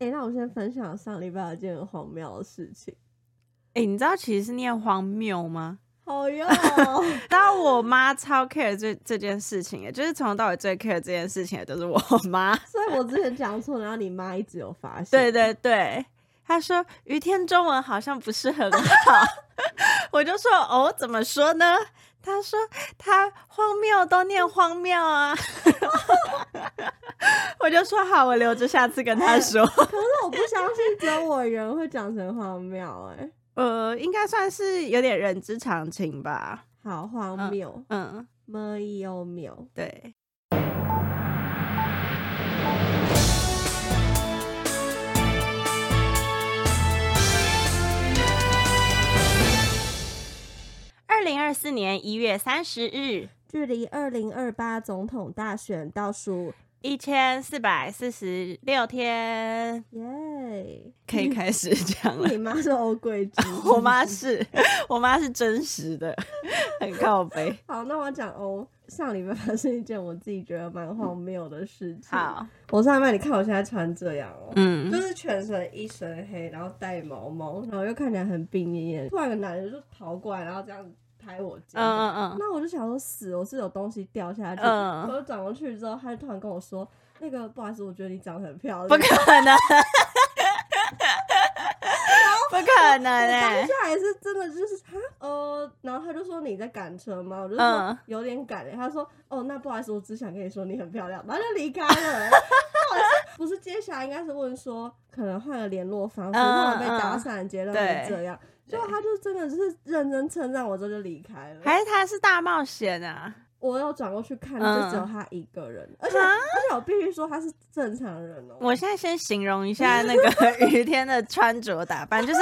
哎、欸，那我先分享上禮拜有一件很荒謬的事情。哎、欸，你知道其實是念荒謬嗎？好用、哦。 但我媽超 care 這這件事情也，也就是從頭到尾最 care 這件事情也都是我媽。所以我之前講錯，然後你媽一直有發現。 對對對，她說於天中文好像不是很好， 我就說哦，怎麼說呢？他說他荒謬都念荒謬啊 我就說好，我留着下次跟他說 、欸。可是我不相信只有我人會講成荒謬誒、欸，呃，應該算是有點人之常情吧。好荒謬，嗯，沒有沒有，對。二零二四年一月三十日，距離二零二八總統大選倒數一千四百四十六天，耶、yeah！可以開始講了。 你媽是歐貴族，我媽是我媽是真實的，很靠北。 好，那我講哦，上禮拜發生一件我自己覺得蠻荒謬的事情。好，我 上禮拜你看我現在穿這樣哦、喔，嗯，就是全身一身黑，然後帶毛毛，然後又看起來很冰一眼。突然有男人就跑過來，然後這樣子。拍我肩，嗯嗯嗯，那我就想說死，我是有東西掉下去，我就轉過去之後，他就突然跟我說，那個不好意思，我覺得你長得很漂亮，不可能， 不可能哎、欸，接下來是真的就是啊哦、呃，然後他就說你在趕車嗎？我就說有點趕、欸、他說哦那不好意思，我只想跟你說你很漂亮，然後就離開了。不、嗯、 不是接下來應該是問說可能換了聯絡方式，突、嗯、然被打散結了、嗯，結論是這樣。就他就真的是認真稱讚我這就離開了，還是他是大冒險啊！我要轉過去看，就只有他一個人，嗯、而且、啊、而且我必須說他是正常人哦、喔。我現在先形容一下那個雨天的穿着打扮， 就是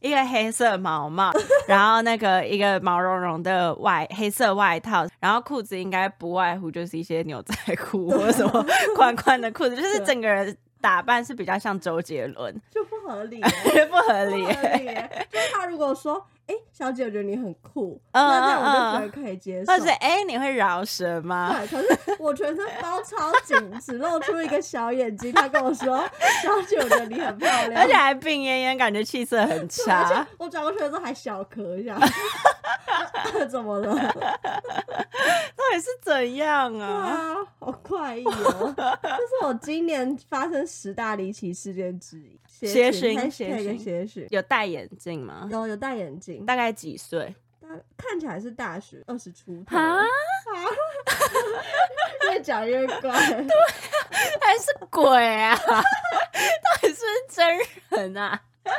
一個黑色毛帽， 然後那個一個毛茸茸的外黑色外套，然後褲子應該不外乎就是一些牛仔褲、啊、或者什麼寬寬的褲子，就是整個人。打扮是比較像周杰倫，就不合理， 不合理，合理。 就他如果說。哎、欸，小姐，我覺得你很酷，那、oh, 這樣我就覺得可以接受。但是，哎、欸，你會饒舌嗎？對，可是我全身包超緊， 只露出一個小眼睛。她跟我說，小姐，我覺得你很漂亮，而且還病懨懨，感覺氣色很差。我轉過去的時候還小咳一下， 怎麼了？到底是怎樣啊？啊，好怪異哦！這 是我今年發生十大離奇事件之一。斜巡，斜斜有戴眼鏡嗎？有，有戴眼鏡。大概幾歲？看起來是大學，二十出頭。啊啊、 越講越怪，對、啊，還是鬼啊？ 到底是不是真人啊？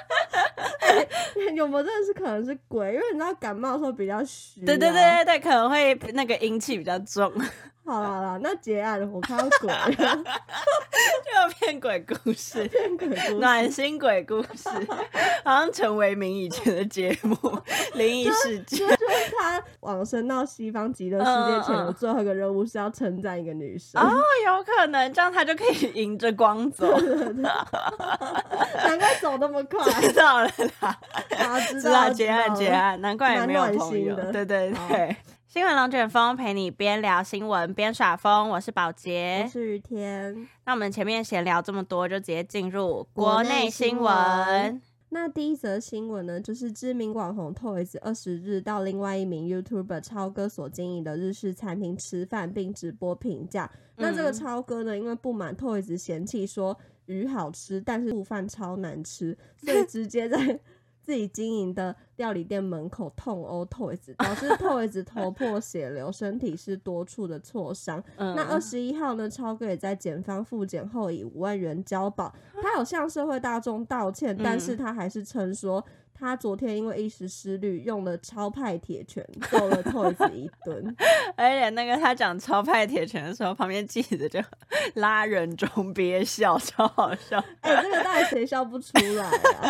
欸、有沒有認識可能是鬼？因為你知道感冒的時候比較虛、啊，對對對對，可能會那個陰氣比較重。好了啦。那結案，我看到鬼了， 就有騙鬼，鬼故事，暖心鬼故事， 好像陳為民以前的節目《靈異事件》。就，就是他往生到西方極樂世界前的最後一個任務，是要稱讚一個女生，嗯嗯。哦，有可能這樣，他就可以迎着光走，難怪走那麼快。知道了，知道了，結案結案，難怪也沒有朋友。耐心的對對對。哦對新聞龍捲風陪你邊聊新聞邊耍瘋，我是寶杰，是雨天。那我們前面閒聊這麼多，就直接進入國內新聞。新聞那第一則新聞呢，就是知名網紅 Toyz 二十日到另外一名 YouTuber 超哥所經營的日式餐廳吃飯，並直播評價。嗯。那這個超哥呢，因為不滿 Toyz 嫌棄說魚好吃，但是醋飯超難吃，所以直接在。 自己經營的料理店門口痛毆 Toyz，導致 Toyz 頭破血流， 身體是多處的挫傷。 那二十一號呢，超哥也在檢方複檢後以五萬元交保，他有向社會大眾道歉， 但是他還是稱說。他昨天因為一時失慮，用了超派鐵拳揍了 Toyz 一頓， 而且那個他講超派鐵拳的時候，旁邊記者就拉人中憋笑，超好笑。哎、欸，這個到底誰笑不出來啊？真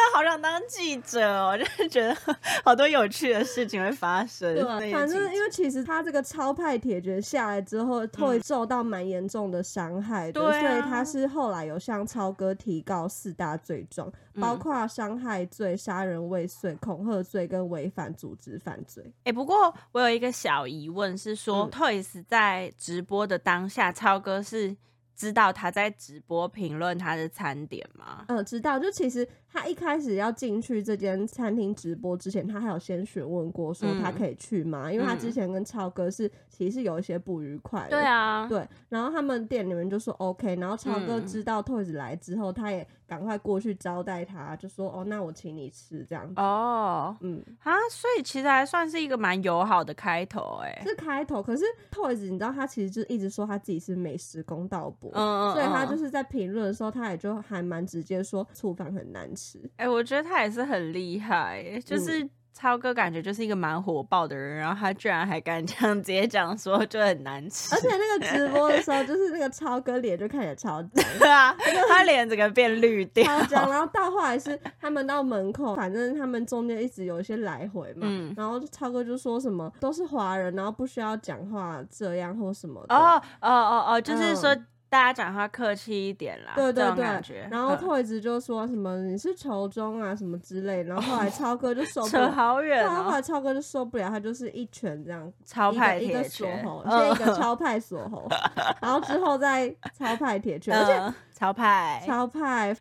的好想當記者哦，我就是覺得好多有趣的事情會發生。對、啊那個，反正因為其實他這個超派鐵拳下來之後會受、嗯、到蠻嚴重的傷害的對、啊，所以他是後來有向超哥提告四大罪狀、嗯，包括傷害罪。.對，殺人未遂、恐嚇罪跟違反組織犯罪。哎、欸，不過我有一個小疑問是說、嗯、，Toyz 在直播的當下，超哥是知道他在直播評論他的餐點嗎？呃、嗯，知道。就其實。他一開始要進去這間餐廳直播之前，他還有先詢問過說他可以去嗎、嗯？因為他之前跟超哥是其實是有一些不愉快。的。對、嗯、啊，對。然後他們店裡面就說 OK。然後超哥知道 Toyz 來之後，嗯、他也趕快過去招待他，就說：“哦，那我請你吃這樣子。”哦，嗯啊，所以其實還算是一個蠻友好的開頭、欸，哎，是開頭。可是 Toyz，你知道他其實就一直說他自己是美食公道博，哦哦哦，所以他就是在評論的時候，他也就還蠻直接說醋飯很難吃。哎，我覺得他也是很厲害，就是超哥感覺就是一個蠻火爆的人，然後他居然還敢這樣直接講說就很難吃。而且那個直播的時候，就是那個超哥臉就開始超，對 啊， 他臉整個變綠掉，然後到後來是他們到門口，反正他們中間一直有一些來回嘛，嗯、然後超哥就說什麼都是華人，然後不需要講話這樣或什麼的，哦哦哦哦，就是說。嗯大家講話客氣一點啦，對對對，然後 Toyz 就說什麼你是球中啊什麼之類、嗯，然後後來超哥就受扯、哦、好遠了、哦，後來超哥就受不了，他就是一拳這樣，超派鐵拳一個一個鎖喉、嗯，先一個超派鎖喉、嗯，然後之後再超派鐵拳,、嗯後後超派拳嗯而且，超派超派，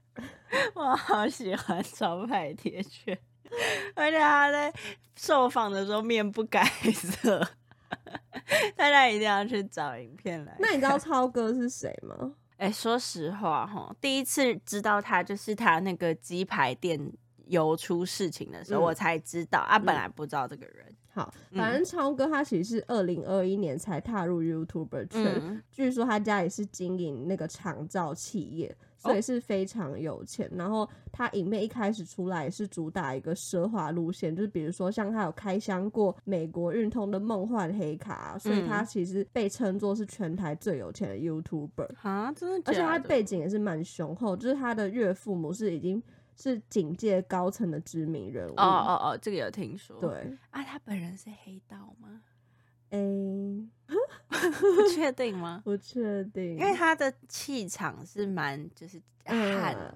我好喜歡超派鐵拳， 而且他在受訪的時候面不改色。 大家一定要去找影片來。那你知道超哥是誰嗎？哎、欸，說實話，哈，第一次知道他就是他那個雞排店有出事情的時候，嗯、我才知道啊、嗯，本來不知道這個人。好，嗯、反正超哥他其實是二零二一年才踏入 YouTuber 圈、嗯，據說他家也是經營那個長照企業。所以是非常有錢，哦、然後他影片一開始出來也是主打一個奢華路線，就是比如說像他有開箱過美國運通的夢幻的黑卡，所以他其實被稱作是全台最有錢的 YouTuber 啊、嗯，真的假的？而且他背景也是蠻雄厚，就是他的岳父母是已經是警界高層的知名人物。哦哦哦，這個有聽說。對啊，他本人是黑道嗎？哎，確定嗎？不確定，因為他的氣場是蠻，就是很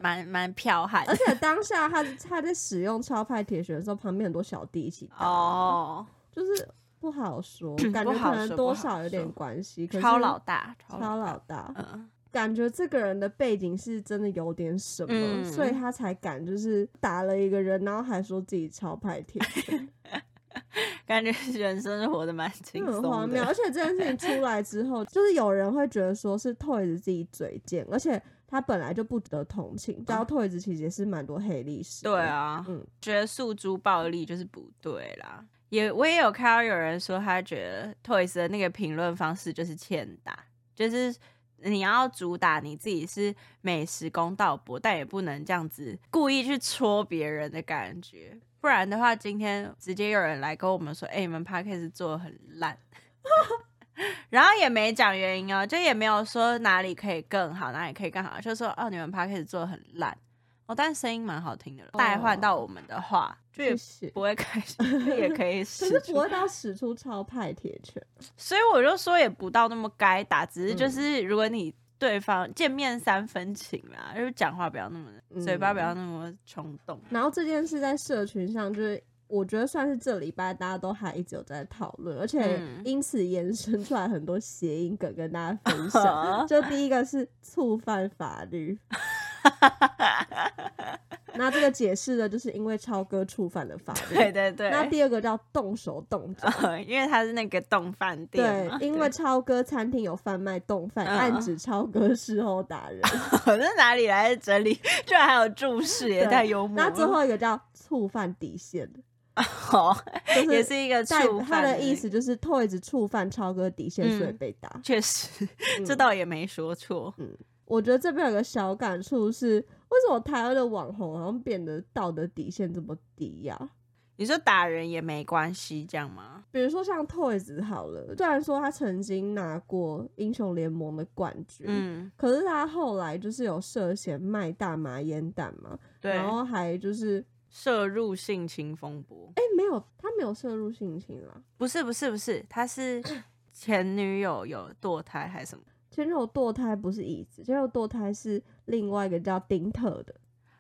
蠻蠻彪悍的，而且當下他他在使用超派鐵拳的時候，旁邊很多小弟一起打，哦，就是不好說，感覺可能多少有點關係。超老大，超老大、超老大、嗯，感覺這個人的背景是真的有點什麼、嗯，所以他才敢就是打了一個人，然後還說自己超派鐵拳。 感覺人生是活得蠻輕鬆，而且這件事情出來之後， 就是有人會覺得說是 Toys 自己嘴賤，而且他本來就不得同情。然後 Toys 其實也是蠻多黑歷史、嗯。對啊、哦，嗯，覺得訴諸暴力就是不對啦。也我也有看到有人說，他覺得 Toys 的那個評論方式就是欠打，就是你要主打你自己是美食公道伯，但也不能這樣子故意去戳別人的感覺。不然的話，今天直接有人來跟我們說：“哎、欸，你們 Podcast 做很爛。 ”然後也沒講原因哦，就也沒有說哪裡可以更好，哪裡可以更好，就說：“哦，你們 Podcast 做很爛。”哦，但聲音蠻好聽的。代、oh, 換到我們的話，就也不是，是，也 是不會開始也可以，可是不會到使出超派鐵拳。所以我就說，也不到那麼該打，只是就是如果你。對方見面三分情嘛，啊，就是講話不要那麼嘴巴不，不要那麼衝動，嗯。然後這件事在社群上，就是我覺得算是這禮拜大家都還一直有在討論，而且因此延伸出來很多諧音梗跟大家分享。嗯、就第一個是觸犯法律。 這個解釋的就是因為超哥觸犯了法律對對對。那第二個叫動手動腳、呃，因為他是那個動飯店。對，因為超哥餐廳有販賣動飯，暗、嗯、指超哥事後打人。那、哦、哪裡來的整理？居然還有註釋，也太幽默。那最後一個叫觸犯底線的，哦，也是一個觸犯。他、就是、的意思就是 Toyz 觸犯超哥底線，所以被打。嗯、確實、嗯，這倒也沒說錯。嗯，我覺得這邊有個小感觸是。為什麼台灣的網紅好像變得道德底線這麼低呀、啊？你說打人也沒關係，這樣嗎？比如說像 Toyz 好了，雖然說他曾經拿過英雄聯盟的冠軍，嗯，可是他後來就是有涉嫌賣大麻菸彈嘛，對，然後還就是涉入性侵風波。哎、欸，沒有，他沒有涉入性侵啊。不是不是不是，他是前女友有墮胎還是什麼？前女友墮胎不是椅子，前女友墮胎是。另外一個叫丁特的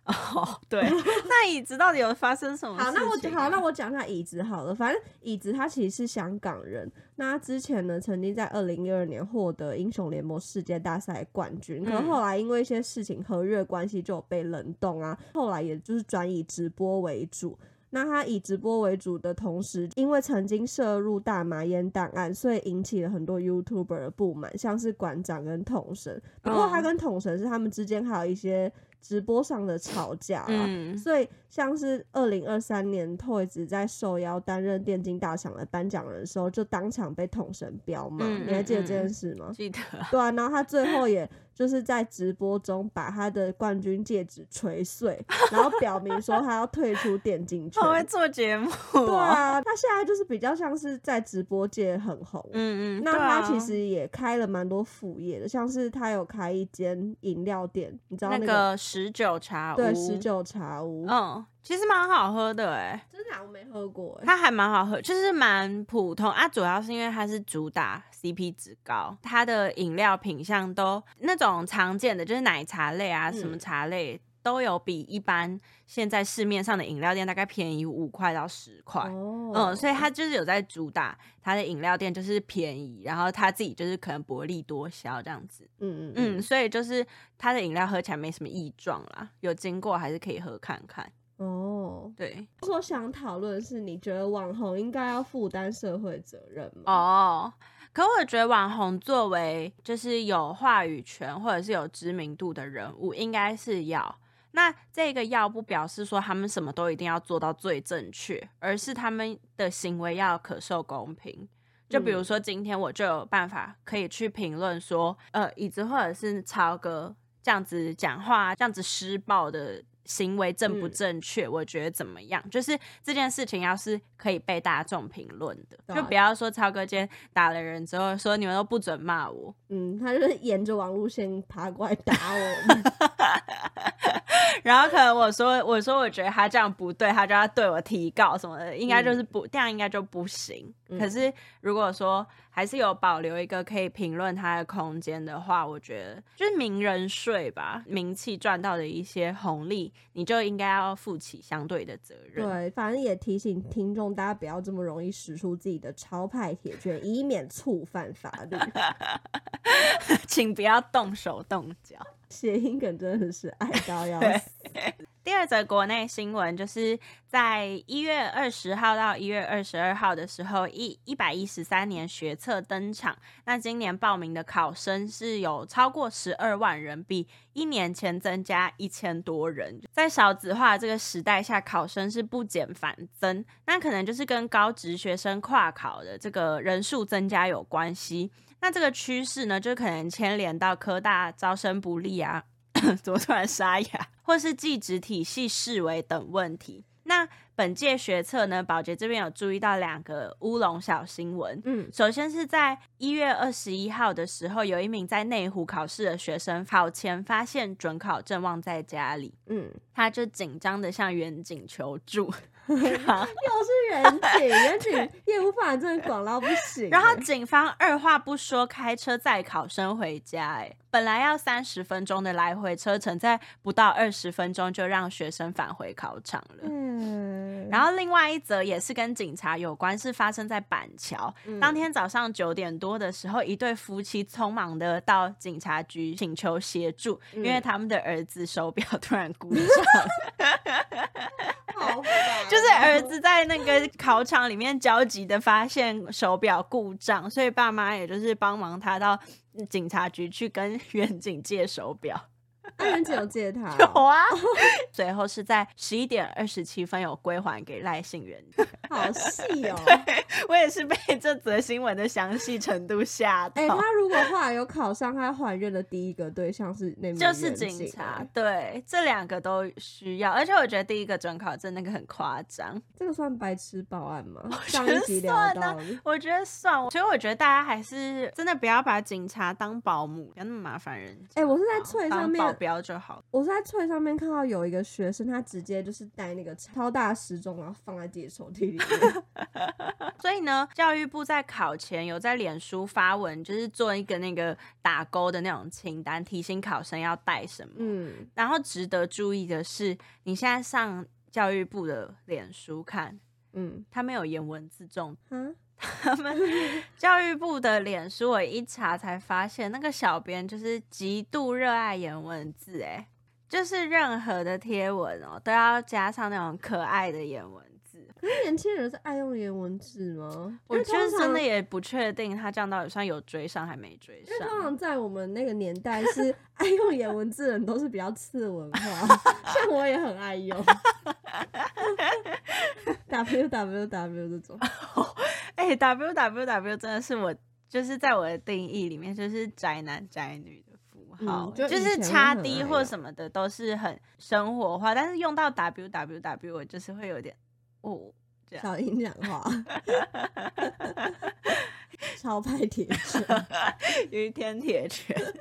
哦，oh, 對， 那 Toyz 到底有發生什麼事情、啊？好，那我好，那我講一下 Toyz 好了。反正 Toyz 他其實是香港人，那他之前呢曾經在二零一二年獲得英雄聯盟世界大賽冠軍，可是後來因為一些事情合約關係就有被冷凍啊、嗯，後來也就是轉以直播為主。那他以直播為主的同時，因為曾經涉入大麻煙檔案，所以引起了很多 YouTuber 的不滿，像是館長跟統神。不過他跟統神是他們之間還有一些直播上的吵架啊，嗯，所以像是二零二三年 Toyz 在受邀擔任電競大獎的頒獎人的時候，就當場被統神飆罵，嗯嗯嗯，你還記得這件事嗎？記得。對啊，然後他最後也。就是在直播中把他的冠軍戒指捶碎，然後表明說他要退出電競圈。他會做節目。對啊，他現在就是比較像是在直播界很紅。嗯嗯。那他其實也開了蠻多副業的、啊，像是他有開一間飲料店，你知道那個十九、那個、茶屋。對，十九茶屋。嗯、哦。其實蠻好喝的哎、欸，真的，我沒喝過、欸。它還蠻好喝，就是蠻普通啊。主要是因為它是主打 CP 值高，它的飲料品項都那種常見的，就是奶茶類啊，什麼茶類、嗯、都有，比一般現在市面上的飲料店大概便宜五塊到十塊。哦，嗯，所以它就是有在主打它的飲料店，就是便宜，然後他自己就是可能薄利多銷這樣子。嗯嗯嗯，嗯所以就是它的飲料喝起來沒什麼異狀啦，有經過還是可以喝看看。哦、oh，對，我想討論的是你覺得網紅應該要負擔社會責任嗎？哦、oh，可我覺得網紅作為就是有話語權或者是有知名度的人物，應該是要。那這個要不表示說他們什麼都一定要做到最正確，而是他們的行為要可受公平。就比如說今天我就有辦法可以去評論說，嗯、呃，Toyz 或者是超哥這樣子講話這樣子施暴的。行為正不正確？我覺得怎麼樣？就是這件事情要是可以被大眾評論的，就不要說超哥今天打了人之後說你們都不准罵我。嗯，他就是沿着網路線爬過來打我。 然後可能我說我說我覺得他這樣不對，他就要對我提告什麼的，應該就是不、嗯、這樣，應該就不行、嗯。可是如果說還是有保留一個可以評論他的空間的話，我覺得就是名人稅吧，嗯、名氣賺到的一些紅利，你就應該要負起相對的責任。對，反正也提醒聽眾，大家不要這麼容易使出自己的超派鐵拳，以免觸犯法律， 請不要動手動腳。諧音梗真的是愛到要死。 對笑第二則國內新聞，就是在一月二十號到一月二十二號的時候，一一百一十三年學測登場。那今年報名的考生是有超過十二萬人，比一年前增加一千多人。在少子化的這個時代下，考生是不減反增。那可能就是跟高職學生跨考的這個人數增加有關係。那這個趨勢呢，就可能牽連到科大招生不力啊， 怎麼突然沙啞， 或是技職體系式微等問題。那本屆學測呢，保潔這邊有注意到兩個烏龍小新聞。嗯，首先是在一月二十一號的時候，有一名在內湖考試的學生考前發現准考證忘在家裡，嗯，他就緊張的向員警求助。 又是員人警，員 警業務範圍廣到不行。然後警方二話不說，開車載考生回家。哎，本來要三十分鐘的來回車程，在不到二十分鐘就讓學生返回考場了。嗯。然後另外一則也是跟警察有關，是發生在板橋。嗯、當天早上九點多的時候，一對夫妻匆忙的到警察局請求協助，嗯、因為他們的兒子手表突然故障。 好、啊、就是兒子在那個考場裡面焦急的發現手表故障，所以爸媽也就是幫忙他到警察局去跟員警借手表。安仁姐有借他？哦，有啊， 最後是在十一點二十七分有歸還給賴信元。 好細哦，我也是被這則新聞的詳細程度嚇到。哎、欸，他如果後來有考上，他懷孕的第一個對象是內，就是警察，對，這兩個都需要。而且我覺得第一個准考證那個很誇張，這個算白痴報案嗎？我覺得算呢、啊，我覺得算，覺得算。所以我覺得大家還是真的不要把警察當保姆，別那麼麻煩人哎、欸，我是在翠上面。不要就好。我是在翠上面看到有一個學生，他直接就是帶那個超大時鐘，然後放在自己的抽屜裡面。 所以呢，教育部在考前有在臉書發文，就是做一個那個打勾的那種清單，提醒考生要帶什麼。嗯。然後值得注意的是，你現在上教育部的臉書看，嗯，他沒有顏文字中，嗯 他們教育部的臉書，我一查才發現，那個小編就是極度熱愛顏文字，哎，就是任何的貼文哦、喔，都要加上那種可愛的顏文字。可是年輕人是愛用顏文字嗎？我就是真的也不確定，他降到底算有追上，還沒追上。因為通常在我們那個年代，是愛用顏文字的人都是比較次文化， 像我也很愛用。w w w 這種，哎、哦欸、，w w w 真的是我就是在我的定義裡面，就是宅男宅女的符號，嗯、就,就是 XD 或什麼的都是很生活化，嗯、但是用到 w w w 我就是會有點。哦，這樣小英講話， 超派鐵鐵拳，余 天鐵鐵拳。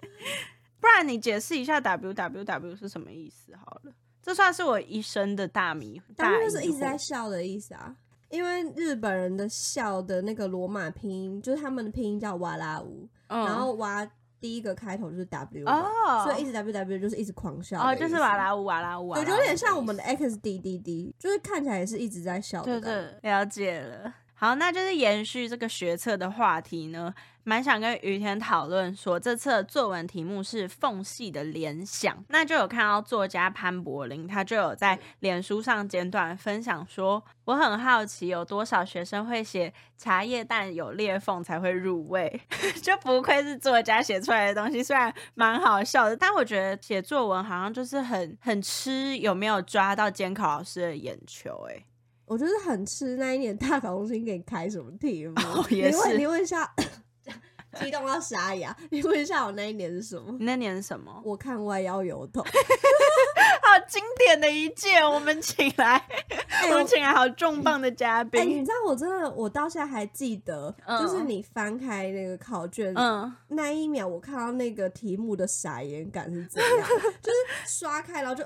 不然你解釋一下 www 是什麼意思好了？這算是我一生的大迷。大，迷大迷就是一直在笑的意思啊，因為日本人的笑的那個羅馬拼音，就是他們的拼音叫瓦拉烏、嗯，然後瓦。第一個開頭就是 W，哦，所以一直 W W 就是一直狂笑。哦，就是哇啦嗚哇啦嗚，對，就有點像我們的 X D D D，就是看起來也是一直在笑的。對對對，了解了。好，那就是延續這個學測的話題呢，蠻想跟雨田討論說，這次的作文題目是“縫隙的聯想”，那就有看到作家潘柏林，他就有在臉書上簡短分享說，我很好奇有多少學生會寫茶葉蛋有裂縫才會入味， 就不愧是作家寫出來的東西，雖然蠻好笑的，但我覺得寫作文好像就是很很吃有沒有抓到監考老師的眼球，誒。我就是很吃那一年大考中心給你開什麼題目？哦、也是你問你問一下， 激動到傻眼！你問一下我那一年是什麼？那年是什麼？我看歪腰郵筒， 好經典的一屆，我們請來、欸，我們請來好重磅的嘉賓。哎、欸欸，你知道我真的，我到現在還記得，嗯、就是你翻開那個考卷，嗯、那一秒，我看到那個題目的傻眼感是怎樣？嗯、 就是刷開，然後就。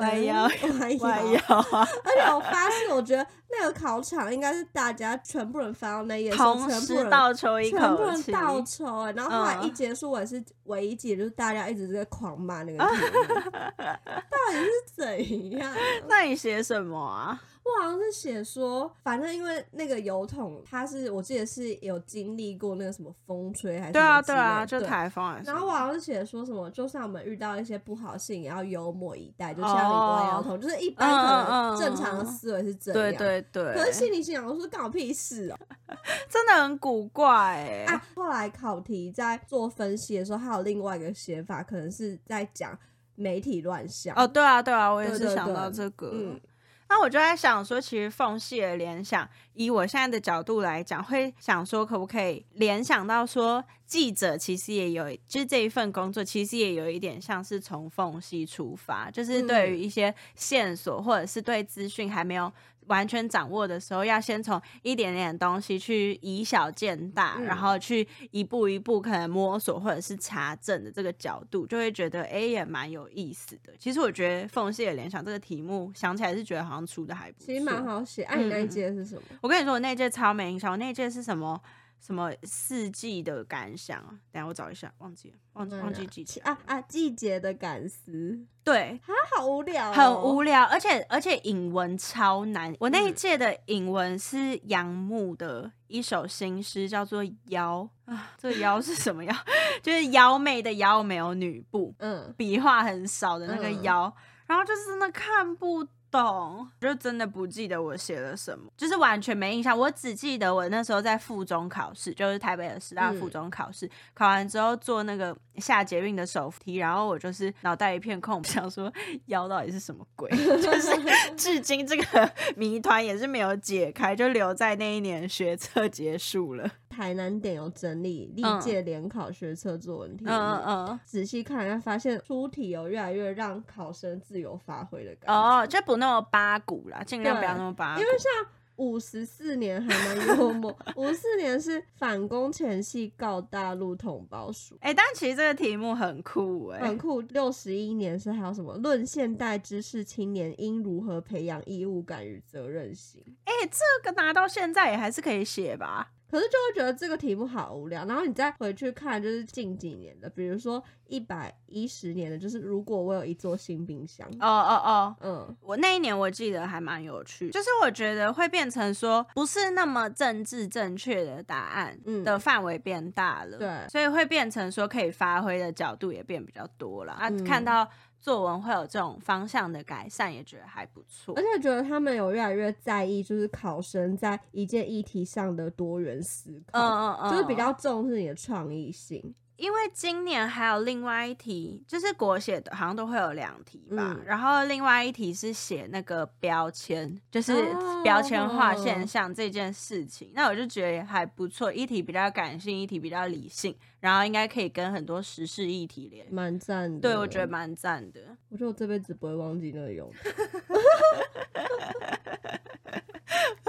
彎腰，彎腰啊！而且我發誓， 我覺得那個考場應該是大家全部人翻到那頁，同時倒抽一口氣，全部人倒抽。然後後來一結束我也、嗯，我也是唯一記得，就是大家一直在狂罵那個題目， 到底是怎樣、啊？那你寫什麼啊？我好像是寫說，反正因為那個郵筒，它是我記得是有經歷過那個什麼風吹還是什麼對啊對啊，就台風還是。然後我好像是寫說什麼，就算我們遇到一些不好事，也要幽默以待，就像很多個郵筒。Oh、就是一般可能正常的思維是這樣，uh uh uh, 對對對。可是心裡心想說，搞屁事哦，真的很古怪、欸。哎、啊，後來考題在做分析的時候，還有另外一個寫法，可能是在講媒體亂象。哦、oh,，對啊對啊，我也是想到這個。對對對嗯那我就在想說，其實縫隙的聯想，以我現在的角度來講，會想說可不可以聯想到說，記者其實也有，就是這一份工作其實也有一點像是從縫隙出發，就是對於一些線索或者是對資訊還沒有。完全掌握的時候，要先從一點點的東西去以小見大、嗯，然後去一步一步可能摸索或者是查證的這個角度，就會覺得哎、欸、也蠻有意思的。其實我覺得縫隙的聯想這個題目想起來是覺得好像出的還不錯，其實蠻好寫。哎，你那屆是什麼、嗯。我跟你說，我那屆超沒印象。我那屆是什麼？什麼四季的感想啊？等下我找一下，忘記了，忘記忘記季節、嗯、啊啊！季節的感思，對，啊，好無聊、哦，很無聊，而且而且引文超難。我那一屆的引文是楊牧的一首新詩，叫做〈夭〉。啊，這個〈夭〉是什麼夭？ 就是妖媚的妖，沒有女部。嗯，筆畫很少的那個妖夭，嗯。然後就是那看不到。懂，就真的不記得我寫了什麼，就是完全沒印象。我只記得我那時候在附中考試，就是台北的師大附中考試、嗯，考完之後坐那個下捷運的手提，然後我就是腦袋一片空白，想說腰到底是什麼鬼， 就是至今這個謎團也是沒有解開，就留在那一年學測結束了。台南店有整理歷屆聯考學測作文題目，嗯嗯嗯、仔細看，發現出題有、哦、越來越讓考生自由發揮的感覺。哦，就不那麼八股啦，盡量不要那麼八股。因為像五十四年還蠻幽默，五 四年是反攻前夕告大陸同胞書。哎、欸，但其實這個題目很酷哎、欸，很酷。六十一年是還有什麼？論現代知識青年應如何培養義務感與責任心？哎、欸，這個拿到現在也還是可以寫吧。可是就會覺得這個題目好無聊，然後你再回去看，就是近幾年的，比如說一百一十年的，就是如果我有一座新冰箱，哦哦哦，嗯，我那一年我記得還蠻有趣，就是我覺得會變成說不是那麼政治正確的答案的範圍變大了，嗯，對，所以會變成說可以發揮的角度也變比較多了，啊，看到。作文會有這種方向的改善，也覺得還不錯。而且覺得他們有越來越在意，就是考生在一件議題上的多元思考，嗯嗯嗯。就是比較重視你的創意性。因為今年還有另外一題，就是國寫的，好像都會有兩題吧、嗯。然後另外一題是寫那個標籤，就是標籤化現象這件事情。哦、那我就覺得還不錯，一題比較感性，一題比較理性，然後應該可以跟很多時事議題連。蠻讚的，對，我覺得蠻讚的。我覺得我這輩子不會忘記那個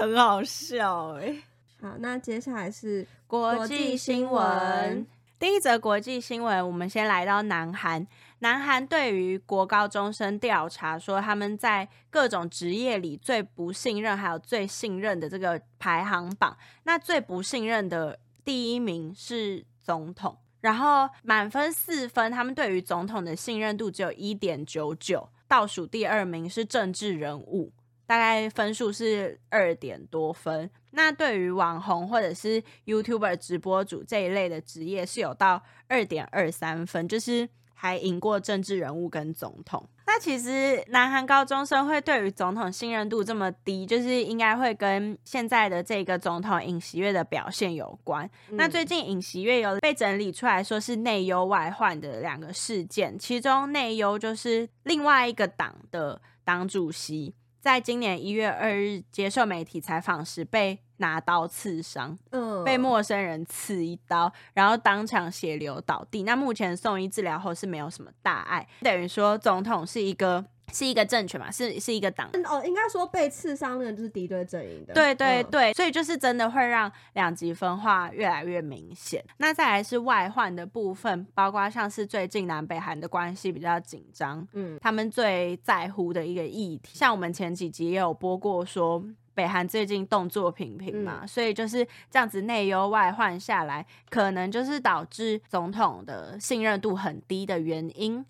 很好笑哎、欸。好，那接下來是國際新聞。第一則國際新聞，我們先來到南韓。南韓對於國高中生調查說，他們在各種職業裡最不信任，還有最信任的這個排行榜。那最不信任的第一名是總統，然後滿分四分，他們對於總統的信任度只有一點九九。倒數第二名是政治人物，大概分數是二點多分。那對於網紅或者是 YouTuber 直播主這一類的職業是有到二點二三分，就是還贏過政治人物跟總統。那其實南韓高中生會對於總統信任度這麼低，就是應該會跟現在的這個總統尹錫悅的表現有關。嗯、那最近尹錫悅有被整理出來說是內憂外患的兩個事件，其中內憂就是另外一個黨的黨主席。在今年一月二日接受媒體採訪時，被拿刀刺傷、呃，被陌生人刺一刀，然後當場血流倒地。那目前送醫治療後是沒有什麼大礙，等於說總統是一個。是一個政權嘛，是是一個黨哦，應該說被刺傷的就是敵對陣營的。對對對、嗯，所以就是真的會讓兩極分化越來越明顯。那再來是外患的部分，包括像是最近南北韓的關係比較緊張，嗯，他們最在乎的一個議題，像我們前幾集也有播過說，說北韓最近動作頻頻嘛、嗯，所以就是這樣子內憂外患下來，可能就是導致總統的信任度很低的原因。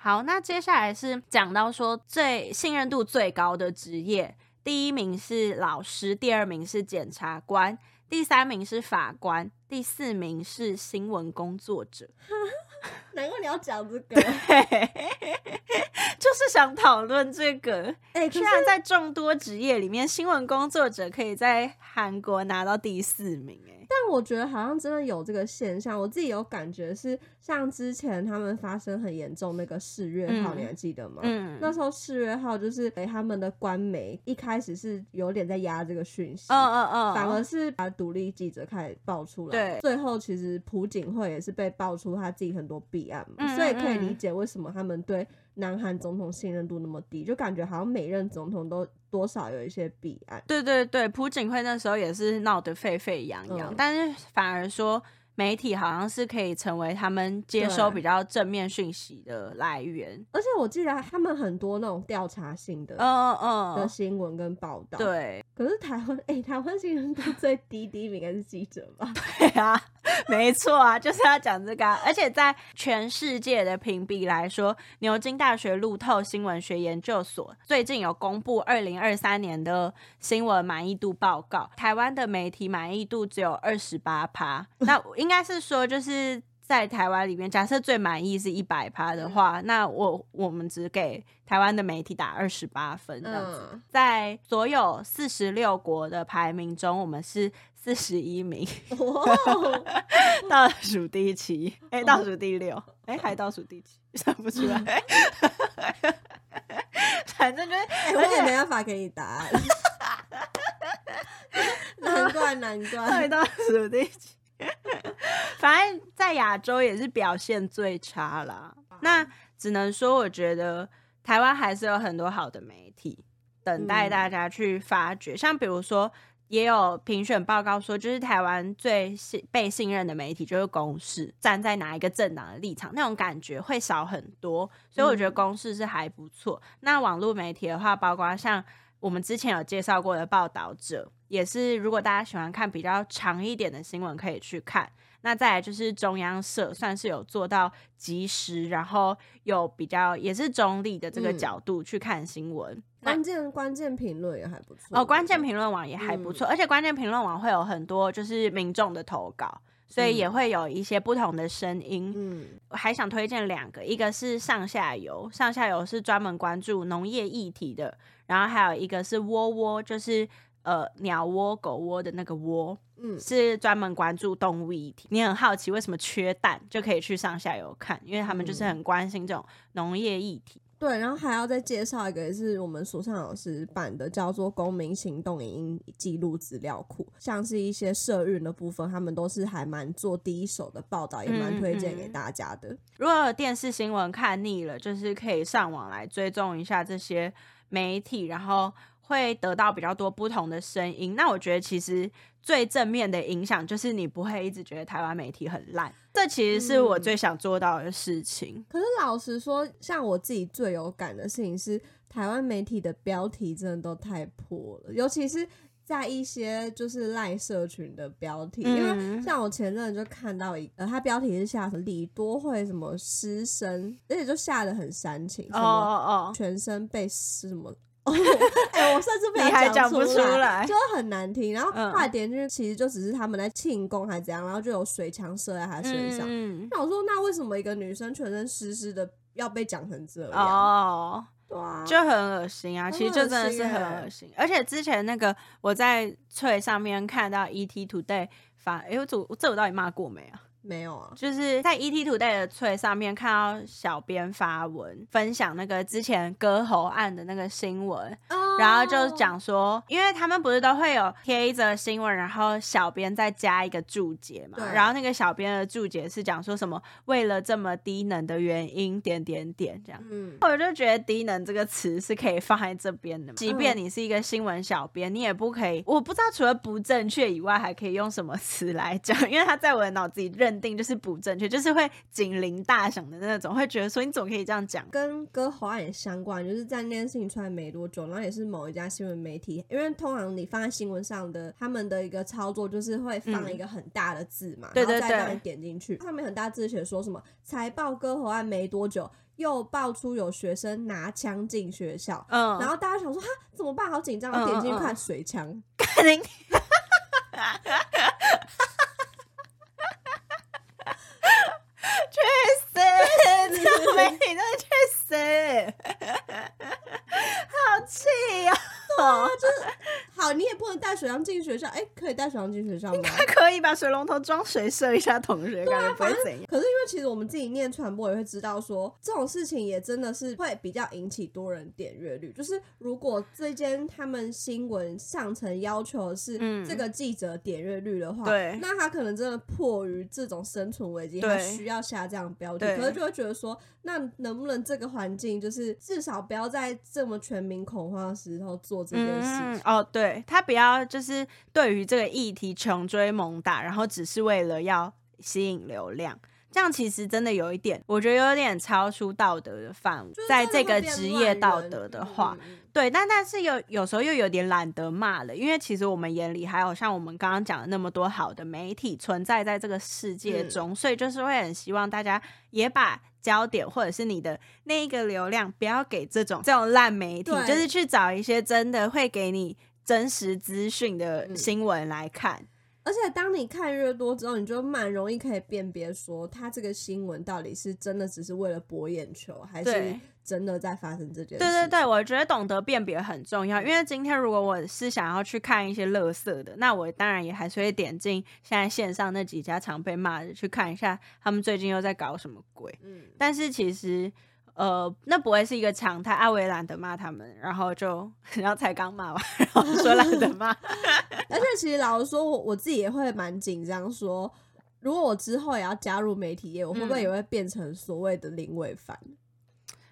好，那接下來是講到說最信任度最高的職業，第一名是老師，第二名是檢察官，第三名是法官，第四名是新聞工作者。 難怪你要講這個， 這個，就、欸、是想討論這個。哎，居然在眾多職業裡面，新聞工作者可以在韓國拿到第四名哎、欸！但我覺得好像真的有這個現象，我自己有感覺是，像之前他們發生很嚴重那個四月號，嗯、你還記得嗎？嗯，那時候四月號就是哎、欸，他們的官媒一開始是有點在壓這個訊息，哦哦哦。反而是把獨立記者開始爆出來。對，最後其實朴槿惠也是被爆出他自己很多弊。所以可以理解為什麼他們對南韓總，總、嗯嗯、總統信任度那麼低，就感覺好像每任總統都多少有一些弊案。對對對，朴槿惠那時候也是鬧得沸沸揚揚，嗯，但是反而說。媒體好像是可以成為他們接收比較正面訊息的來源，而且我記得他們很多那種調查性的，嗯、oh, 嗯、oh, 的新聞跟報道。對，可是台灣，哎，台灣新聞最低低還是記者吧？對啊，沒錯啊， 就是要講這個、啊。而且在全世界的評比來說，牛津大學路透新聞學研究所最近有公布二零二三年的新聞滿意度報告，台灣的媒體滿意度只有二十八趴。那因應該是說，就是在台灣裡面，假設最滿意是一百趴的話，嗯、那我我們只給台灣的媒體打二十八分這樣子。嗯、在所有四十六國的排名中，我們是四十一名，倒、哦、數 第七。哎、欸，倒數第六。哎、哦欸，還倒數第七，算不出來。嗯、 反正就是，而、欸、且沒辦法給你答案。 難怪難怪，難怪，倒數第七。 反正在亞洲也是表現最差啦。那只能說，我覺得台灣還是有很多好的媒體等待大家去發掘。像比如說，也有評選報告說，就是台灣最信被信任的媒體就是公視，站在哪一個政黨的立場，那種感覺會少很多。所以我覺得公視是還不錯。那網絡媒體的話，包括像我們之前有介紹過的報道者。也是，如果大家喜歡看比較長一點的新聞，可以去看。那再來就是中央社，算是有做到即時，然後有比較也是中立的這個角度去看新聞，嗯。關鍵關鍵評論也還不錯哦，關鍵評論網也還不錯，嗯，而且關鍵評論網會有很多就是民眾的投稿，所以也會有一些不同的聲音。嗯，嗯，我還想推薦兩個，一個是上下游，上下游是專門關注農業議題的，然後還有一個是窩窩，就是。呃，鳥窩、狗窩的那個窩，嗯，是專門關注動物議題。你很好奇為什麼缺蛋，就可以去上下游看，因為他們就是很關心這種農業議題。嗯，對，然後還要再介紹一個也是我們所上老師辦的，叫做公民行動影音記錄資料庫，像是一些社運的部分，他們都是還蠻做第一手的報道，也蠻推薦給大家的。嗯嗯。如果有電視新聞看膩了，就是可以上網來追蹤一下這些媒體，然後。會得到比較多不同的聲音，那我覺得其實最正面的影響就是你不會一直覺得台灣媒體很爛，這其實是我最想做到的事情。嗯、可是老實說，像我自己最有感的事情是，台灣媒體的標題真的都太破了，尤其是在一些就是賴社群的標題，嗯、因為像我前陣子就看到一，呃，它標題是下什麼李多慧什麼失聲，而且就下得很煽情，什麼全身被什麼。Oh, oh, oh. 哎、 欸，我甚至被你還講不出來，就是、很難聽。然後快點，就是其實就只是他們在慶功還是怎樣，然後就有水槍射在他身上、嗯。那我說，那為什麼一個女生全身濕濕的要被講成這樣？哦、oh，對啊，就很噁心、啊、心啊！其實這真的是很噁心。而且之前那個我在翠上面看到 ET Today 發，哎、欸，我這我到底罵過沒啊？沒有啊，就是在 ETtoday 的脆上面看到小編發文分享那個之前割喉案的那個新聞。哦。然後就講說，因為他們不是都會有貼一則新聞，然後小編再加一個注解嘛。對。然後那個小編的注解是講說什麼為了這麼低能的原因點點點這樣。嗯。我就覺得低能這個詞是可以放在這邊的，即便你是一個新聞小編，你也不可以。我不知道除了不正確以外，還可以用什麼詞來講，因為他在我的腦子裡認定就是不正確，就是會警鈴大響的那種，會覺得說你總可以這樣講。跟割喉案也相關，就是在那件事情出來沒多久，然後也是。某一家新聞媒體，因為通常你放在新聞上的他們的一個操作，就是會放一個很大的字嘛，嗯、對對對，然後再讓你點進去。上面很大的字寫說什麼？才報割喉案沒多久，又爆出有學生拿槍進學校。嗯、oh.，然後大家想說哈，怎麼辦？好緊張，oh. 我點進去看水槍。 確實，美女，確實，好氣啊！真好，你也不能帶水龍頭進學校。哎、欸，可以帶水龍頭進學校嗎？應該可以吧，水龍頭裝水射一下同學，感覺會怎樣？可是因為其實我們自己念傳播也會知道說，說這種事情也真的是會比較引起多人點閱率。就是如果這間他們新聞上層要求是這個記者點閱率的話，對、嗯，那他可能真的迫於這種生存危機，他需要下這樣標準，可是就會覺得說，那能不能這個環境就是至少不要在這麼全民恐慌的時候做這件事情？哦，對。對他比較就是對於這個議題窮追猛打，然後只是為了要吸引流量，這樣其實真的有一點，我覺得有點超出道德的範圍，就是、在這個職業道德的話，就是、對，但但是有有時候又有點懶得罵了，因為其實我們眼裡還有像我們剛剛講的那麼多好的媒體存在在在這個世界中，所以就是會很希望大家也把焦點或者是你的那一個流量不要給這種這種爛媒體，就是去找一些真的會給你真實資訊的新聞來看，嗯、而且當你看越多之後，你就蠻容易可以辨別說，它這個新聞到底是真的，只是為了博眼球，還是真的在發生這件事情。對，對對對，我覺得懂得辨別很重要。嗯、因為今天如果我是想要去看一些樂色的，那我當然也還是會點進現在線上那幾家常被罵的，去看一下他們最近又在搞什麼鬼。嗯，但是其實。呃，那不會是一個常態。阿偉懶得罵他們，然後就，然後才剛罵完，然後說懶得罵。 而且其實老實說，我我自己也會蠻緊張說，說如果我之後也要加入媒體業，我會不會也會變成所謂的林偉凡？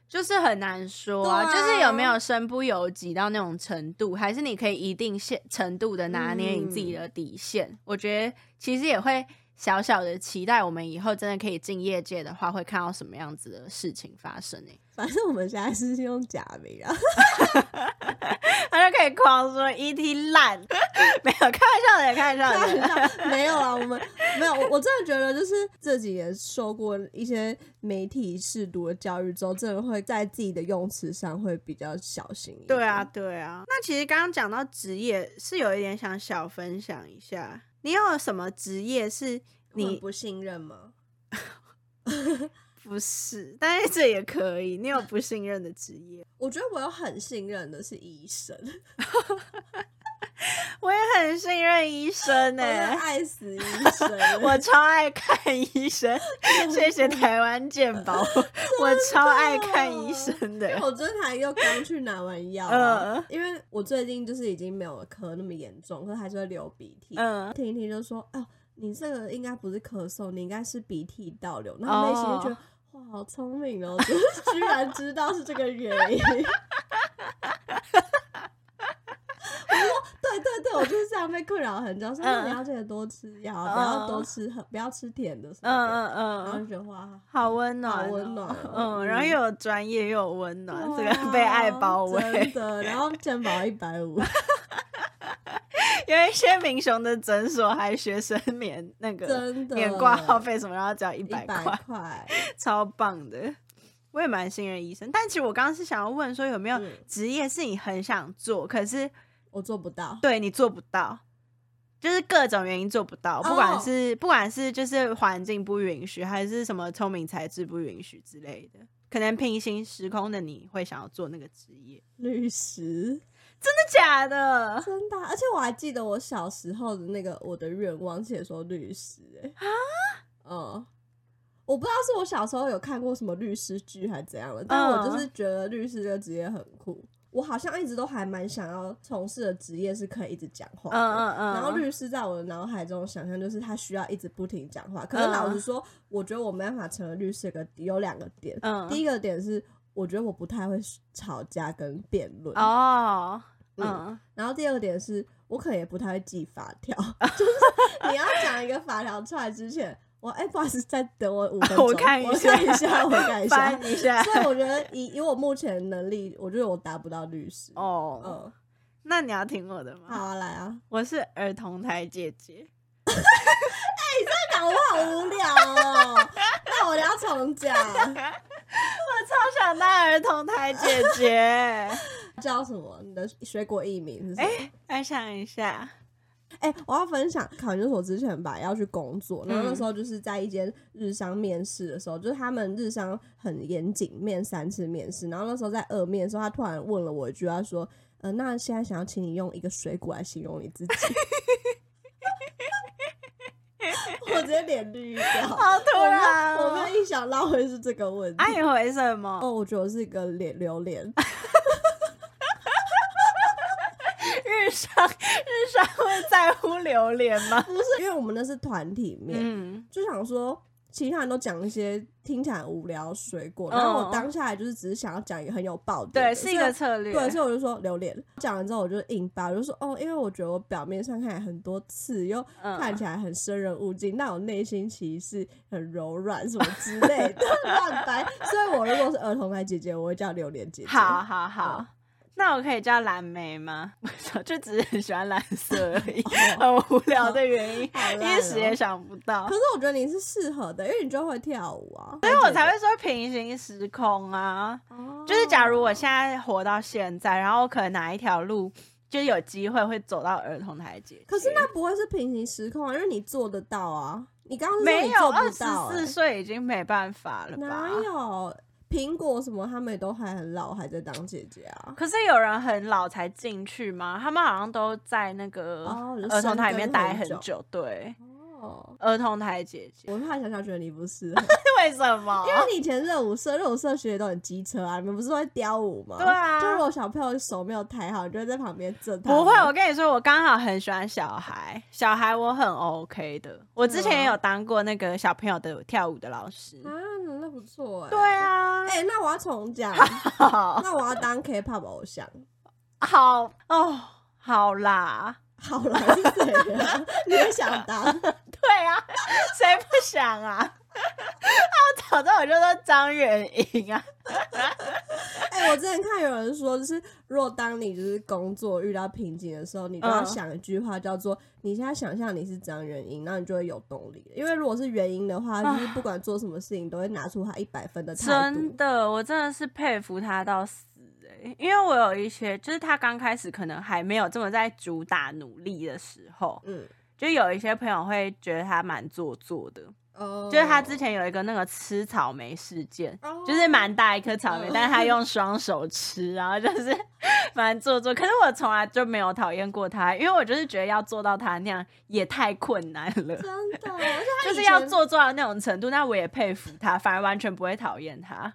就是很難說、啊啊，就是有沒有身不由己到那種程度，還是你可以一定程度的拿捏你自己的底線？嗯、我覺得其實也會。小小的期待，我們以後真的可以進業界的話，會看到什麼樣子的事情發生呢、欸？反正我們現在是用假名、啊， 他就可以狂說 ET 爛”， 沒有開玩笑的，開玩笑的，沒有啊。我們沒有，我我真的覺得，就是自己也受過一些媒體識讀的教育之後，真的會在自己的用詞上會比較小心一點。對啊，對啊。那其實剛剛講到職業，是有一點想小分享一下。你有什麼職業是你不信任嗎？ 不是，但是這也可以。你有不信任的職業？我覺得我有很信任的是醫生， 我也很信任醫生哎、欸，我愛死醫生、欸， 我超愛看醫生。 謝謝台灣健保， 我超愛看醫生的。 因為我這才又剛去拿完藥、啊呃，因為我最近就是已經沒有咳那麼嚴重，所以還是會流鼻涕。嗯、呃，聽聽就說，哦、呃，你這個應該不是咳嗽，你應該是鼻涕倒流。然後內心就好聰明哦！居然知道是這個原因。 我就說對對對，我就是這樣被困擾很久。嗯，你要記得多吃藥，不要多吃，不要吃甜的，的。嗯嗯嗯，然後就哇，好溫暖、哦，溫暖、哦好暖哦嗯。嗯，然後又有專業又有溫暖，這個被愛包圍的。真的，然後肩膀一百五。 因為薛明雄的診所還學生免那個免掛號費什麼，然後只要一百塊，超棒的。我也蠻信任醫生，但其實我剛剛是想要問說有沒有職、嗯、業是你很想做，可是我做不到，對你做不到，就是各種原因做不到，不管是不管是就是環境不允許，還是什麼聰明才智不允許之類的，可能平行時空的你會想要做那個職業律師。真的假的？真的、啊，而且我還記得我小時候的那個我的願望，寫說律師哎、欸、啊，嗯，我不知道是我小時候有看過什麼律師劇還是怎樣了，但我就是覺得律師這個職業很酷。我好像一直都還蠻想要從事的職業是可以一直講話的，嗯嗯嗯。然後律師在我的腦海中想象就是他需要一直不停講話。可是老實說、嗯，我覺得我沒辦法成為律師。一個有兩個點、嗯，第一個點是我覺得我不太會吵架跟辯論哦。嗯嗯，嗯，然後第二點是我可能也不太會記法條， 就是你要講一個法條出來之前，我哎、欸，不好意思，再等我五分鐘，我看一下，我看一下，一下, Bye, 一下。所以我覺得以以我目前的能力，我覺得我達不到律師。哦、oh, oh.，那你要聽我的嗎？好、啊，來啊， 我是兒童台姐姐。哎、 欸，這樣講我好無聊哦。 那我要重講， 我超想當兒童台姐姐。 叫什麼？你的水果藝名是什麼？哎、欸，分享一下。哎、欸，我要分享考研所之前吧，要去工作，然後那時候就是在一間日商面試的時候，嗯、就是他們日商很嚴謹，面三次面試，然後那時候在二面的時候，他突然問了我一句，他說：“呃，那現在想要請你用一個水果來形容你自己。 ” 我直接臉綠掉，好突然、喔！我沒有想到會是這個問題。哎，你回什麼？哦，我覺得是一個臉榴蓮。 日常日常會在乎榴蓮嗎？不是，因為我們那是團體面、嗯，就想說其他人都講一些聽起來很無聊水果、哦，然後我當下就是只是想要講一個很有爆點，對，是一個策略。對，所以我就說榴蓮，講完之後我就硬掰，我就說哦，因為我覺得我表面上看起來很多刺，又看起來很生人勿近、嗯，但我內心其實是很柔軟什麼之類的，亂 掰。所以，我如果是兒童來姐姐，我會叫榴蓮姐姐。好好好。好嗯那我可以叫藍莓嗎？ 就只是很喜歡藍色而已， oh. 很無聊的原因， 一時也想不到。可是我覺得你是適合的，因為你就會跳舞啊，所以我才會說平行時空啊。Oh. 就是假如我現在活到現在，然後我可能哪一條路就有機會會走到兒童台階。可是那不會是平行時空啊，因為你做得到啊。你剛剛說，欸，沒有二十四歲已經沒辦法了吧？哪有？蘋果什麼他們也都還很老，還在當姐姐啊。可是有人很老才進去嗎？他們好像都在那個、啊、兒童台裡面待很久。啊、對，哦、啊，兒童台姐姐。我怕小小覺得你不是。 為什麼？因為你以前熱舞社熱舞社學姐都很機車啊，你們不是會雕舞嗎？對啊，就是我小朋友手沒有抬好，就在旁邊震。不會，我跟你說，我剛好很喜歡小孩，小孩我很 OK 的。我之前也有當過那個小朋友的跳舞的老師。嗯不錯、欸、對啊、欸，那我要重講， 那我要當 K-pop 偶像，好哦，oh, 好啦，好啦，沒、啊、 你也想當 對啊，誰不想啊？我找到，我就說張元英啊 哎、欸，我之前看有人說，就是若當你就是工作遇到瓶頸的時候，你就要想一句話，叫做你現在想象你是張元英，那你就會有動力了。因為如果是元英的話，就是不管做什麼事情都會拿出他一百分的態度。真的，我真的是佩服他到死哎、欸！因為我有一些，就是他剛開始可能還沒有這麼在主打努力的時候，嗯，就有一些朋友會覺得他蠻做作的。Oh. 就是他之前有一個那個吃草莓事件，Oh. 就是蠻大一顆草莓，Oh. 但是他用雙手吃，Oh. 然後就是反正做作。可是我從來就沒有討厭過他，因為我就是覺得要做到他那樣也太困難了，真的，就是要做做到那種程度，那我也佩服他，反而完全不會討厭他。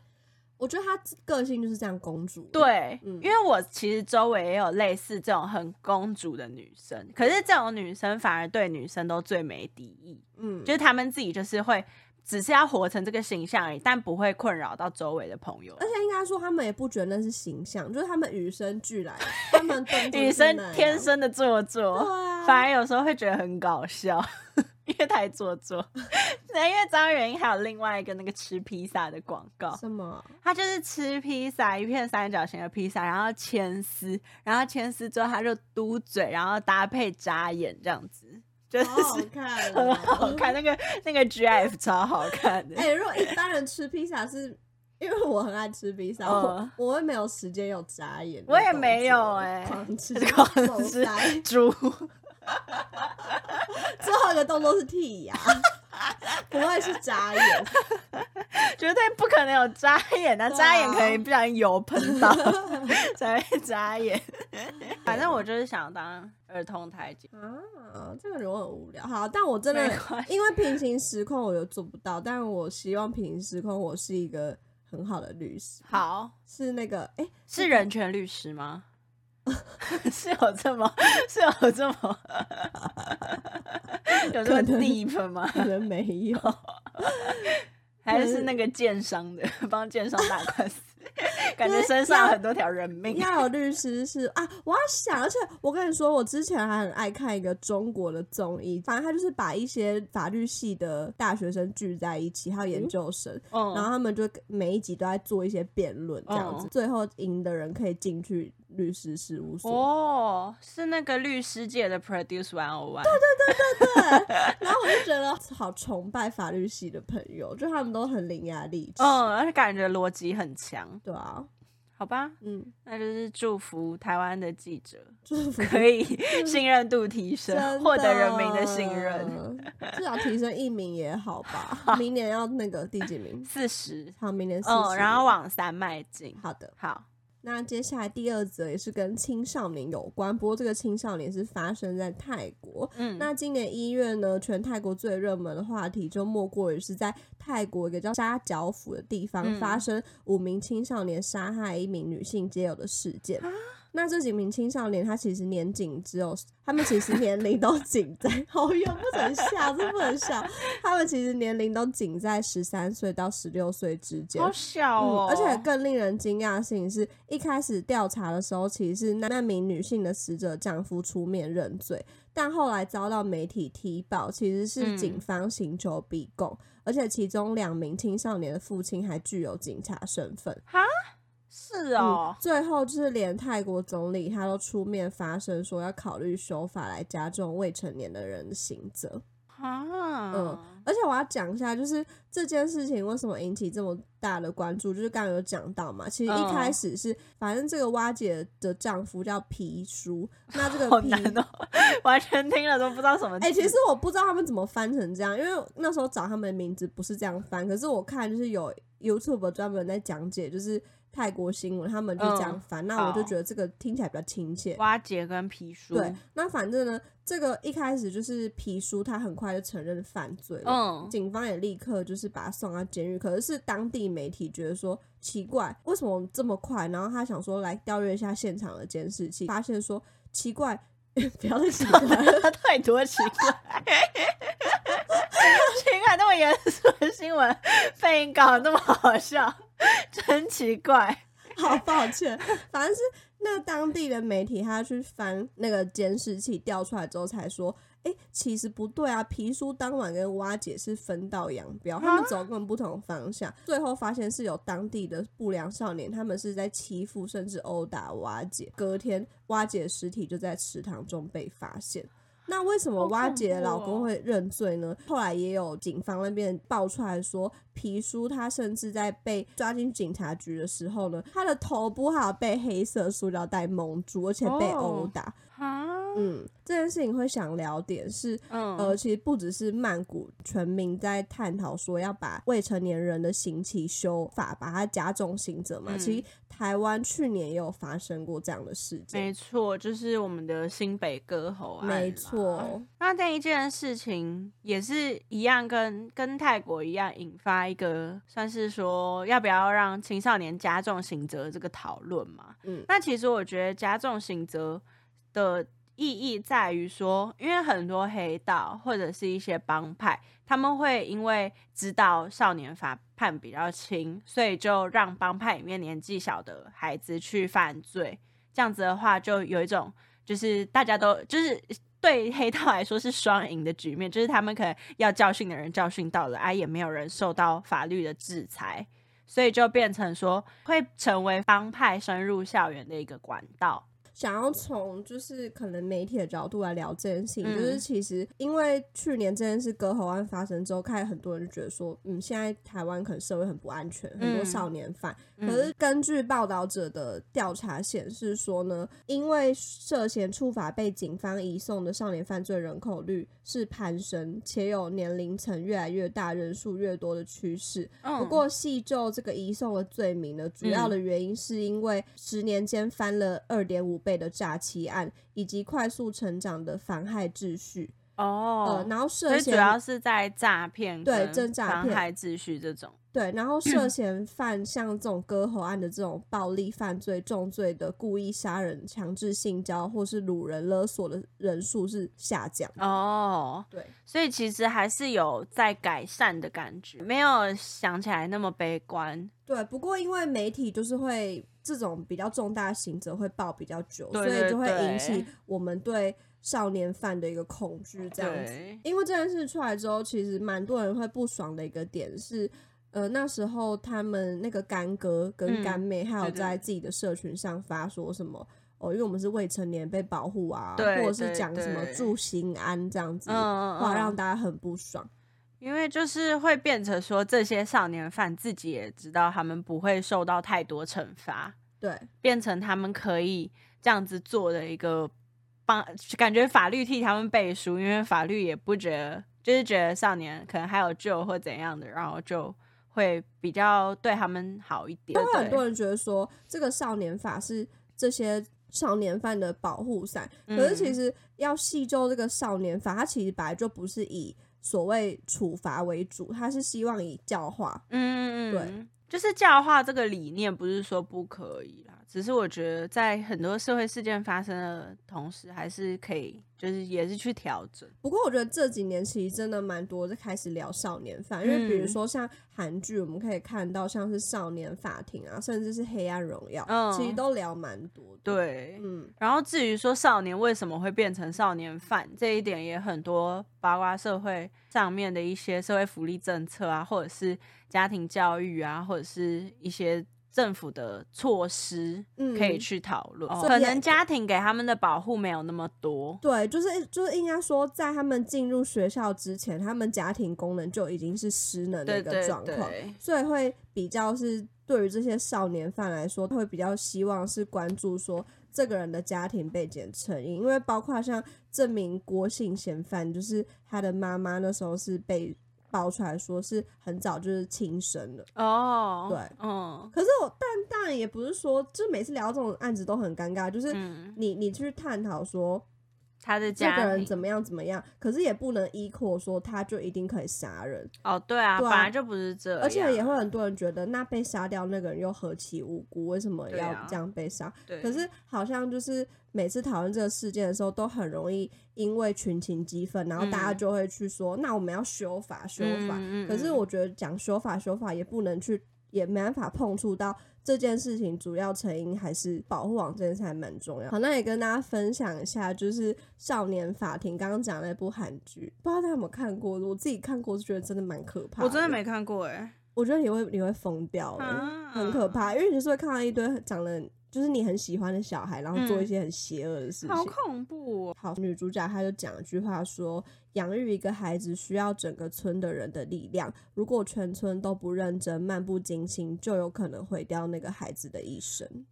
我覺得她個性就是這樣公主。對，嗯，因為我其實周圍也有類似這種很公主的女生，可是這種女生反而對女生都最沒敵意。嗯，就是她們自己就是會，只是要活成這個形象而已，但不會困擾到周圍的朋友。而且應該說，她們也不覺得那是形象，就是她們與生俱來，她 們女生天生的做作，啊，反而有時候會覺得很搞笑。 因為太做作， 因為張元英還有另外一個那個吃披薩的廣告，什麼？他就是吃披薩，一片三角形的披薩，然後牽絲，然後牽絲之後他就嘟嘴，然後搭配眨眼這樣子，就是好好看，很好看，嗯、那個那個 GIF 超好看的。哎、欸，如果一般人吃披薩是因為我很愛吃披薩、呃，我我會沒有時間有眨眼，我也沒有哎、欸，狂吃狂吃，狂吃，狂吃豬。最後一個動作是剔牙，不會是眨眼，絕對不可能有眨眼。那眨眼可以不小心油噴到，不然油噴到才眨眼。反、啊、正我就是想當兒童太監啊、呃，這個我很無聊。好，但我真的因為平行時空我又做不到，但我希望平行時空我是一個很好的律師。好，是那個哎、欸，是人權律師嗎？ 是有這麼是有這麼 有這麼 deep 嗎？可能沒有， 還是那個建商的幫建商打官司， 感覺身上有很多條人命。嗯、要，要有律師是啊，我要想，而且我跟你說，我之前還很愛看一個中國的綜藝，反正他就是把一些法律系的大學生聚在一起，還有研究生、嗯，然後他們就每一集都在做一些辯論、嗯、這樣子，最後贏的人可以進去。律師事務所哦，oh, 是那個律師界的 Produce 101。對對對對對， 然後我就覺得好崇拜法律系的朋友，就他們都很伶牙俐齒，嗯，而且感覺邏輯很強。對啊，好吧，嗯，那就是祝福台灣的記者，祝福可以信任度提升，獲得人民的信任，至少提升一名也好吧。好明年要那個第幾名？四十。好，明年四十，oh, 然後往三邁進。好的，好。那接下來第二則也是跟青少年有關，不過這個青少年是發生在泰國。嗯、那今年一月呢，全泰國最熱門的話題就莫過於是在泰國一個叫沙繳府的地方發生五名青少年殺害一名女性街友的事件。嗯那這幾名青少年，他其實年僅只有，他們其實年齡都僅在，哦喲，不能笑，這不能笑，他們其實年齡都僅在十三歲到十六歲之間，好小哦、嗯。而且更令人驚訝的事情是，一開始調查的時候，其實是那名女性的死者丈夫出面認罪，但後來遭到媒體踢爆，其實是警方刑求逼供、嗯，而且其中兩名青少年的父親還具有警察身份。哈？是哦、嗯，最後就是連泰國總理他都出面發聲，說要考慮修法來加重未成年的人的刑責哈、huh? 嗯，而且我要講一下，就是這件事情為什麼引起這麼大的關注，就是剛剛有講到嘛。其實一開始是，oh. 反正這個蛙姐的丈夫叫皮叔，那這個皮哦、喔， 完全聽了都不知道什麼。哎、欸，其實我不知道他們怎麼翻成這樣，因為那時候找他們的名字不是這樣翻，可是我看就是有 YouTuber 專門在講解，就是。泰國新聞，他們就講反，反、嗯、那我就覺得這個聽起來比較親切。瓜掘跟皮叔對。那反正呢，這個一開始就是皮叔，他很快就承認犯罪了，嗯，警方也立刻就是把他送到監獄。可是，是當地媒體覺得說奇怪，為什麼這麼快？然後他想說來調閱一下現場的監視器，發現說奇怪，欸、不要奇怪、哦，他到底多奇怪，奇 怪 那麼嚴肅的新聞被你搞得那麼好笑。真奇怪，好抱歉。反正是那當地的媒體，他去翻那個監視器，調出來之後才說，誒、欸，其實不對啊。皮叔當晚跟蛙姐是分道揚鑣，他們走過不同方向，啊。最後發現是有當地的不良少年，他們是在欺負甚至毆打蛙姐。隔天，蛙姐的屍體就在池塘中被發現。那為什麼挖姐的老公會認罪呢、哦哦？後來也有警方那邊爆出來說，皮叔他甚至在被抓進警察局的時候呢，他的頭部還有被黑色塑料袋蒙住，而且被毆打。哦嗯，這件事情會想聊點是，嗯，呃，其實不只是曼谷全民在探討說要把未成年人的刑期修法，把它加重刑責嘛，嗯。其實台灣去年也有發生過這樣的事件，沒錯，就是我們的新北割喉案。沒錯，那這一件事情也是一樣跟，跟跟泰國一樣，引發一個算是說要不要讓青少年加重刑責這個討論嘛。嗯，那其實我覺得加重刑責的。意義在於說，因為很多黑道或者是一些幫派，他們會因為知道少年法判比較輕，所以就讓幫派裡面年紀小的孩子去犯罪。這樣子的話，就有一種就是大家都就是對黑道來說是雙贏的局面，就是他們可能要教訓的人教訓到了啊，也沒有人受到法律的制裁，所以就變成說，會成為幫派深入校園的一個管道。想要從就是可能媒體的角度來聊這件事，嗯，就是其實因為去年這件事割喉案發生之後，開始很多人就覺得說，嗯，現在台灣可能社會很不安全，很多少年犯。嗯、可是根據報道者的調查顯示說呢，因為涉嫌觸法被警方移送的少年犯罪人口率是攀升，且有年齡層越來越大，人數越多的趨勢，哦。不過細究這個移送的罪名呢，主要的原因是因為十年間翻了二點五倍。的詐欺案，以及快速成長的妨害秩序哦、oh, 呃，然後涉嫌主要是在詐騙，對，妨害秩序這種。對，然後涉嫌犯像這種割喉案的這種暴力犯罪重罪的故意殺人、強制性交或是擄人勒索的人數是下降。哦，對，所以其實還是有在改善的感覺，沒有想起來那麼悲觀。對，不過因為媒體就是會這種比較重大刑責會報比較久對對對，所以就會引起我們對少年犯的一個恐懼。這樣子，因為這件事出來之後，其實蠻多人會不爽的一個點是。呃，那時候他們那個乾哥跟乾妹還有在自己的社群上發說什麼、嗯、對對哦，因為我們是未成年被保護啊，對對對，或者是講什麼祝心安這樣子的嗯，嗯話，讓大家很不爽，因為就是會變成說，這些少年犯自己也知道他們不會受到太多懲罰，對，變成他們可以這樣子做的一個幫，感覺法律替他們背書，因為法律也不覺得，就是覺得少年可能還有救或怎樣的，然後就。會比較對他們好一點。就很多人覺得說，這個少年法是這些少年犯的保護傘。嗯。可是其實要細究這個少年法，它其實本來就不是以所謂處罰為主，它是希望以教化。嗯嗯嗯，對。嗯就是教化這個理念，不是說不可以啦，只是我覺得在很多社會事件發生的同時，還是可以，就是也是去調整。不過我覺得這幾年其實真的蠻多就開始聊少年犯，嗯，因為比如說像韓劇，我們可以看到像是《少年法庭》啊，甚至是《黑暗榮耀》，嗯，其實都聊蠻多的。對，嗯。然後至於說少年為什麼會變成少年犯，這一點也很多包括社會上面的一些社會福利政策啊，或者是。家庭教育啊，或者是一些政府的措施，嗯，可、哦、以去討論。可能家庭給他們的保護沒有那麼多。對，就是就是應該說，在他們進入學校之前，他們家庭功能就已經是失能的一個狀況，對對對，所以會比較是對於這些少年犯來說，他會比較希望是關注說這個人的家庭背景成因，因為包括像這名郭姓嫌犯，就是他的媽媽那時候是被。爆出來說是很早就是親生的哦，oh, 對，哦、oh。可是我但當然也不是說，就每次聊這種案子都很尷尬，就是你、mm. 你去探討說。他的家人怎麼樣怎麼樣，可是也不能依靠說他就一定可以殺人哦對、啊。對啊，本來就不是這樣，而且也會很多人覺得，那被殺掉那個人又何其無辜，為什麼要這樣被殺？啊、可是好像就是每次討論這個事件的時候，都很容易因為群情激憤，然後大家就會去說，嗯、那我們要修法修法嗯嗯。可是我覺得講修法修法也不能去，也沒辦法碰觸到。這件事情主要成因還是保護網這件事還蠻重要。好，那也跟大家分享一下，就是少年法庭剛剛講的那部韓劇，不知道大家有沒有看過？我自己看過，是覺得真的蠻可怕。我真的沒看過誒。欸，我覺得你會你會瘋掉，欸，很可怕，因為你是會看到一堆長得，就是你很喜歡的小孩，然後做一些很邪惡的事情，嗯、好恐怖哦！好，女主角她就講一句話說：“養育一個孩子需要整個村的人的力量，如果全村都不認真、漫不經心，就有可能毀掉那個孩子的一生。”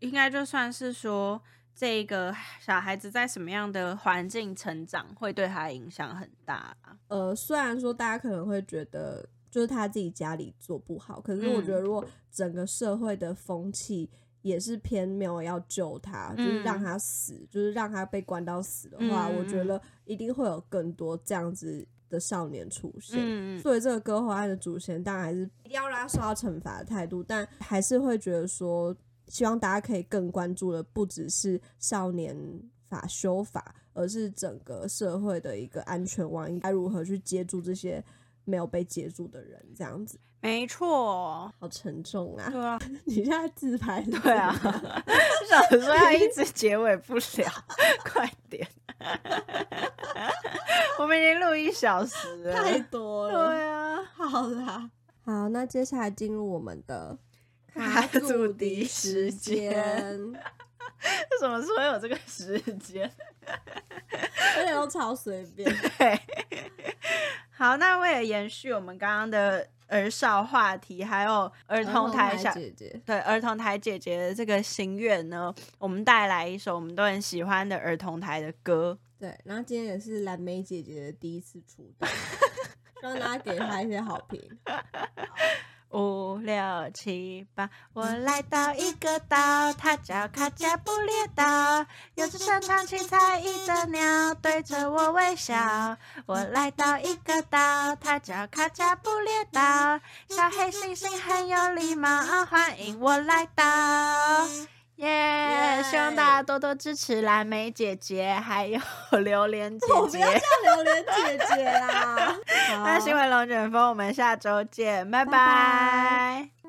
應該就算是說，這個小孩子在什麼樣的環境成長，會對他影響很大。呃，雖然說大家可能會覺得就是他自己家裡做不好，可是我覺得如果整個社會的風氣，嗯也是偏沒有要救他，嗯，就是讓他死，就是讓他被關到死的話，嗯，我覺得一定會有更多這樣子的少年出現。所、嗯、以這個割喉案的主嫌，當然還是一定要讓他受到懲罰的態度，但還是會覺得說，希望大家可以更關注的不只是少年法修法，而是整個社會的一個安全網應該如何去接住這些沒有被接住的人，這樣子。沒錯、哦，好沉重啊！對啊， 你現在自拍對啊！想說要一直結尾不了，快點！我們已經錄一小時了，太多了。對啊，好啦、啊，好，那接下來進入我們的打主的時間。為 什麼會有這個時間？而 且 都超隨便。對， 好，那為了延續我們剛剛的。兒少話題，還有兒童台小姐姐對兒童台姐姐，姐姐的這個心願呢，我們帶來一首我們都很喜歡的兒童台的歌。對，然後今天也是藍莓姐姐的第一次出道，希 望大家給她一些好評。 好五六七八， 我來到一個島，它叫卡加布列島，有只身長七彩衣的鳥對着我微笑。我來到一個島，它叫卡加布列島，小黑猩猩很有禮貌，哦、歡迎我來到。耶、yeah, yeah.！希望大家多多支持藍莓姐姐，還有榴蓮姐姐。我不要叫榴蓮姐姐啦。 oh. 那新聞龍捲風，我們下周見，拜拜。Bye bye.